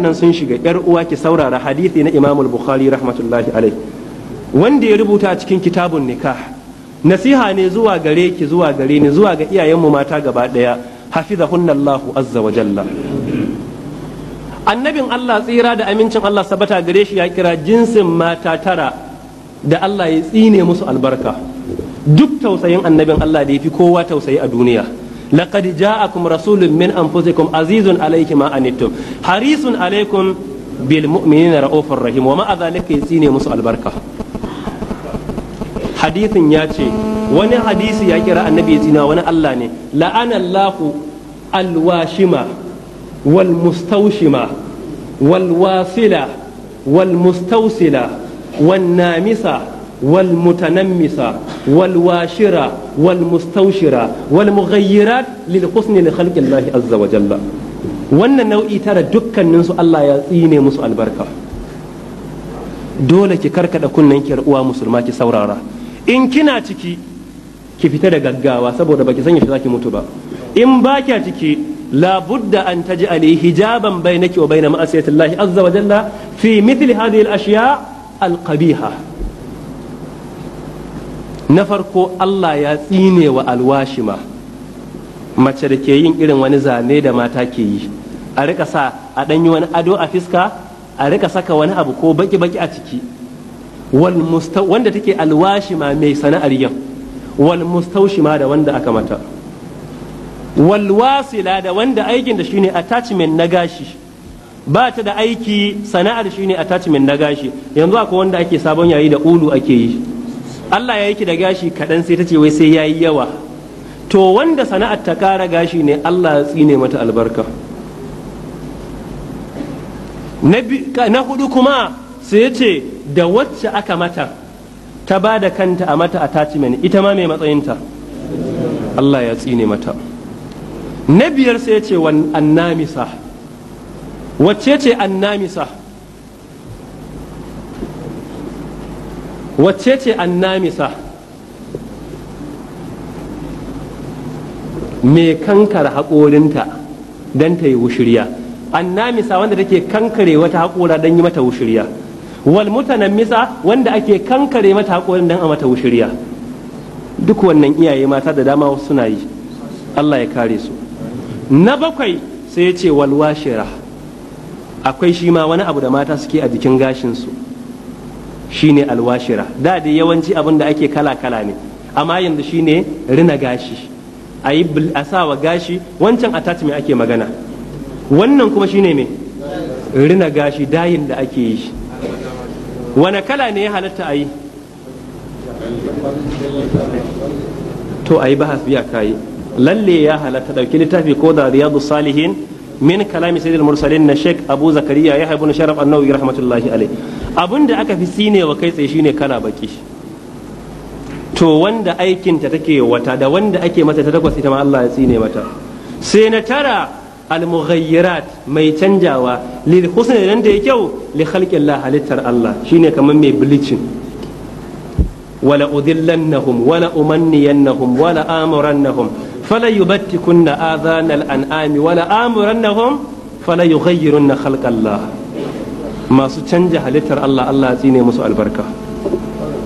nan sun shiga yar uwa ki saurara hadisi na Imam Bukhari rahmatullahi alai wanda ya rubuta cikin kitabun nikah nasiha ne zuwa gare ki zuwa gare ni zuwa ga iyayenmu mata gaba daya hafizahunna hunnallahu azza wa jalla annabin Allah tsira da amincin Allah sabata gare shi ya kira jinsin mata tara da Allah ya tsine musu albarka duk tausayin annabin Allah da ya fi kowa tausayi a duniya laqad ja'akum rasulun min anfusikum azizun alayhi ma anittum harisun alaykum bil mu'minina raufur rahim wa ma adhalika yasine musu albarka hadisin ya ce wani hadisi ya kira annabi ya tsina wani Allah ne la'ana Allahu alwashima wal mustaushima wal wasila wal mustausila wan namisa wal walwashira, wal washira wal mustaushira wal mughayyirat lil husni li khalqillahi azza wa jalla wannan nau'i tara dukkanin su Allah ya tsine musu albarka dole ki karkaɗa kunnen ki uwa musulma ki saurara in kina ciki ki fita da gaggawa saboda baki san ya shi ki mutu ba in ba kya ciki لابد أن تجعلي حجابا بينك wa معصية الله عز وجل في مثل هذه الأشياء القبيحة na farko Allah ya tsine wa alwashima mace da ke yin irin wani zane da mata ke yi a rika sa a ɗanyi wani ado a fiska a rika saka wani abu ko baki-baki a ciki wanda take alwashima mai sana'ar yau wal mustaushima da wanda aka mata wal wasila da wanda aikin da shine attachment na gashi ba ta da aiki sana'ar shine attachment na gashi yanzu akwai wanda ake sabon yayi da ulu ake yi Allah ya yi da gashi kaɗan sai ta ce wai sai ya yi yawa to wanda sana'ar ta ƙara gashi ne Allah ya tsine mata albarka na hudu kuma sai ya ce da wacce aka mata ta ba da kanta a mata attachment ita ma mai matsayinta Allah ya tsine mata na biyar sai ya ce annamisa wacce ce annamisa wacce ce annamisa mai kankar haƙorinta don ta yi wushirya annamisa wanda take kankare wata haƙora don yi mata wushirya wal misa wanda ake kankare mata haƙorin don a mata wushirya duk wannan iyaye mata da dama suna yi Allah ya kare su na bakwai sai ya ce walwashira akwai shi ma wani abu da mata suke a jikin gashinsu shine alwashira da da yawanci abin da ake kala kala ne amma yanzu shine rina gashi a yi a sawa gashi wancan attachment ake magana wannan kuma shine me rina gashi dayin da ake yi wane kala ne ya halatta a yi to a yi bahas biya kayi lalle ya halatta dauki littafi ko da riyadu salihin min kalami sayyidul mursalin na sheikh abu zakariya ya ibn sharaf annawi rahmatullahi alaihi abin da aka fi sinewa kai tsaye shine kana baki to wanda aikinta take wata da wanda ake mata ta takwas ita ma Allah ya tsine mata sai na tara almughayyirat mai canjawa lil husni nan da ya kyau li khalqillah halittar Allah shine kamar mai bleaching wala udillannahum wala umanniyannahum wala amurannahum fala yubattikunna adhanal an'ami wala amurannahum fala yughayyirunna khalqallah masu canja halittar Allah Allah ya tsine musu albarka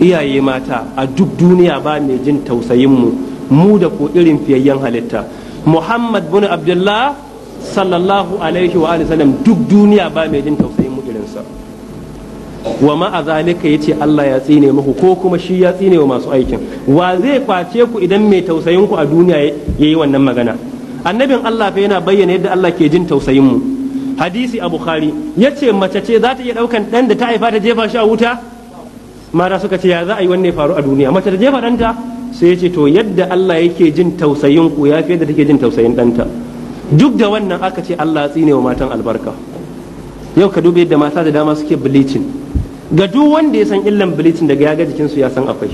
iyaye mata a duk duniya ba mai jin tausayin mu mu da ku irin fiyayyen halitta Muhammad bin Abdullah sallallahu alaihi wa sallam duk duniya ba mai jin tausayin mu irinsa wa a zalika yace Allah ya tsine muku ko kuma shi ya tsine wa masu aikin wa zai kwace ku idan mai tausayin ku a duniya yayi wannan magana annabin Allah fa yana bayyana yadda Allah ke jin tausayin mu hadisi a bukhari ya ce mace ce za ta iya ɗaukan ɗan da ta haifa ta jefa shi a wuta mata suka ce ya za a yi wanne faru a duniya mace ta jefa ɗanta sai ya ce to yadda Allah yake jin tausayin ku ya fi yadda take jin tausayin ɗanta duk da wannan aka ce Allah tsine wa matan albarka yau ka duba yadda mata da dama suke bilicin ga duk wanda ya san illan bilicin daga ya ga jikinsu ya san akwai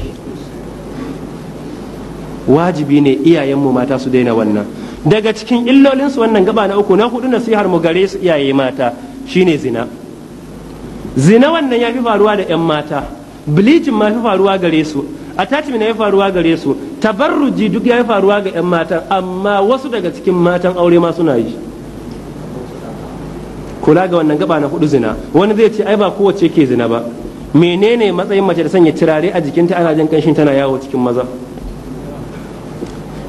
wajibi ne iyayenmu mata su daina wannan daga cikin illolinsu wannan gaba na uku na hudu nasihar mu gare su iyaye mata shine zina zina wannan ya fi faruwa da 'yan mata bleaching ma fi faruwa gare su attachment ya fi faruwa gare su tabarruji duk ya fi faruwa ga 'yan matan amma wasu daga cikin matan aure ma suna yi kula ga wannan gaba na hudu zina wani zai ce ai ba kowace ke zina ba menene matsayin mace da sanya turare a jikinta ana jin kanshin tana yawo cikin maza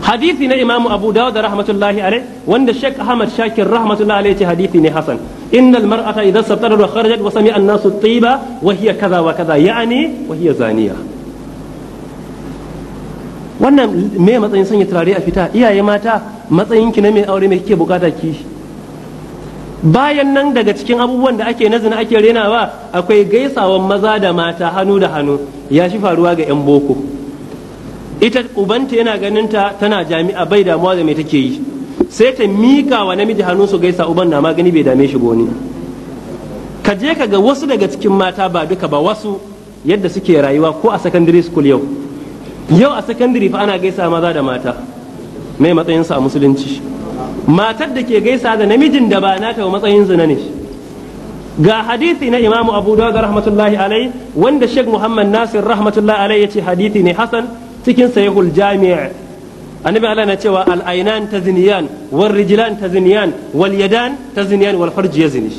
hadisi na imamu abu dawud rahmatullahi alai wanda sheikh ahmad shakir rahmatullahi alai ce hadisi ne hasan innal mar'ata idza satara wa kharajat wa sami'a an-nasu tiba wa hiya kaza wa kaza ya'ani wa hiya zaniya wannan me matsayin sanya turare a fita iyaye mata matsayin ki na mai aure me kike bukata ki bayan nan daga cikin abubuwan da ake nazina ake renawa akwai gaisawan maza da mata hannu da hannu ya shi faruwa ga yan boko ita ubanta yana ganin ta tana jami'a bai damuwa da me take yi sai ta mika wa namiji hannu su gaisa uban na magani bai dame shi goni ka je ka ga wasu daga cikin mata ba duka ba wasu yadda suke rayuwa ko a secondary school yau yau a secondary fa ana gaisa maza da mata mai matsayin a musulunci matar da ke gaisa da namijin da ba nata wa matsayin zina ne ga hadisi na imamu abu dawud rahmatullahi alai wanda sheikh muhammad nasir rahmatullahi alai ya ce hadisi ne hasan cikin sahihul jami' annabi Allah na cewa al ta tazniyan wal rijlan tazniyan wal yadan tazniyan wal farj yazni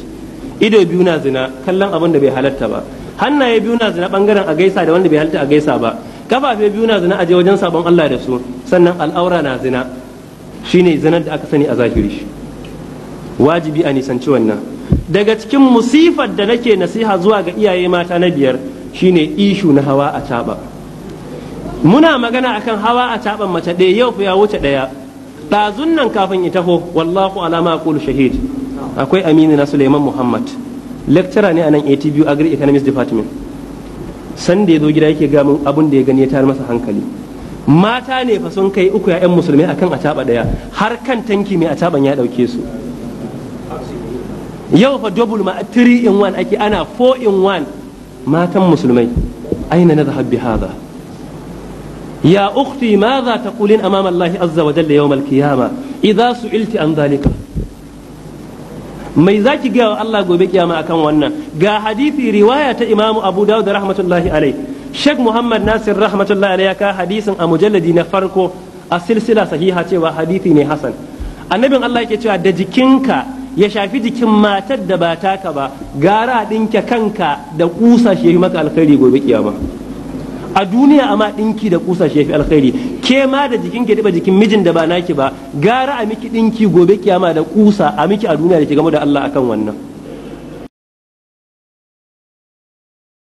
ido biyu na zina kallon abin da bai halarta ba hannaye biyu na zina bangaren a gaisa da wanda bai halatta a gaisa ba kafafe biyu na zina a je wajen sabon Allah da su sannan al'aura na zina shine zinar da aka sani a zahiri wajibi a nisanci wannan daga cikin musifar da nake nasiha zuwa ga iyaye mata na biyar shine ishu na hawa a taba muna magana akan hawa a taban mace ɗaya yau ya wuce ɗaya ɗazun nan kafin ya taho wallahu alama kulu shahid akwai aminu na suleiman muhammad lecturer ne a nan atbu agri economics department sanda ya zo gida yake ga mun abun da ya gani ya tayar masa hankali mata ne fa sun kai uku ya'yan musulmai akan a taɓa ɗaya har kan tanki mai a taɓan ya ɗauke su yau fa double ma 3 in 1 ake ana 4 in 1 matan musulmai aina na zahabbi haza. ya ukti ma za ta kulin amama Allah azza wa jalla yawmal qiyama idza su'ilti an zalika zaki gaya wa Allah gobe kiyama akan wannan ga hadisi riwaya ta Imam Abu Dawud rahmatullahi alai Sheikh Muhammad Nasir rahmatullahi alai ya ka hadisin a mujalladi na farko a silsila sahiha cewa hadisi ne hasan annabin Allah yake cewa da jikinka ya shafi jikin matar da ba taka ba gara dinka kanka da kusa shi maka alkhairi gobe kiyama a duniya amma dinki da kusa shi fi alkhairi ke ma da jikin ki diba jikin mijin da ba naki ba gara a miki dinki gobe kiyama da kusa a miki a duniya da ki gama da Allah akan wannan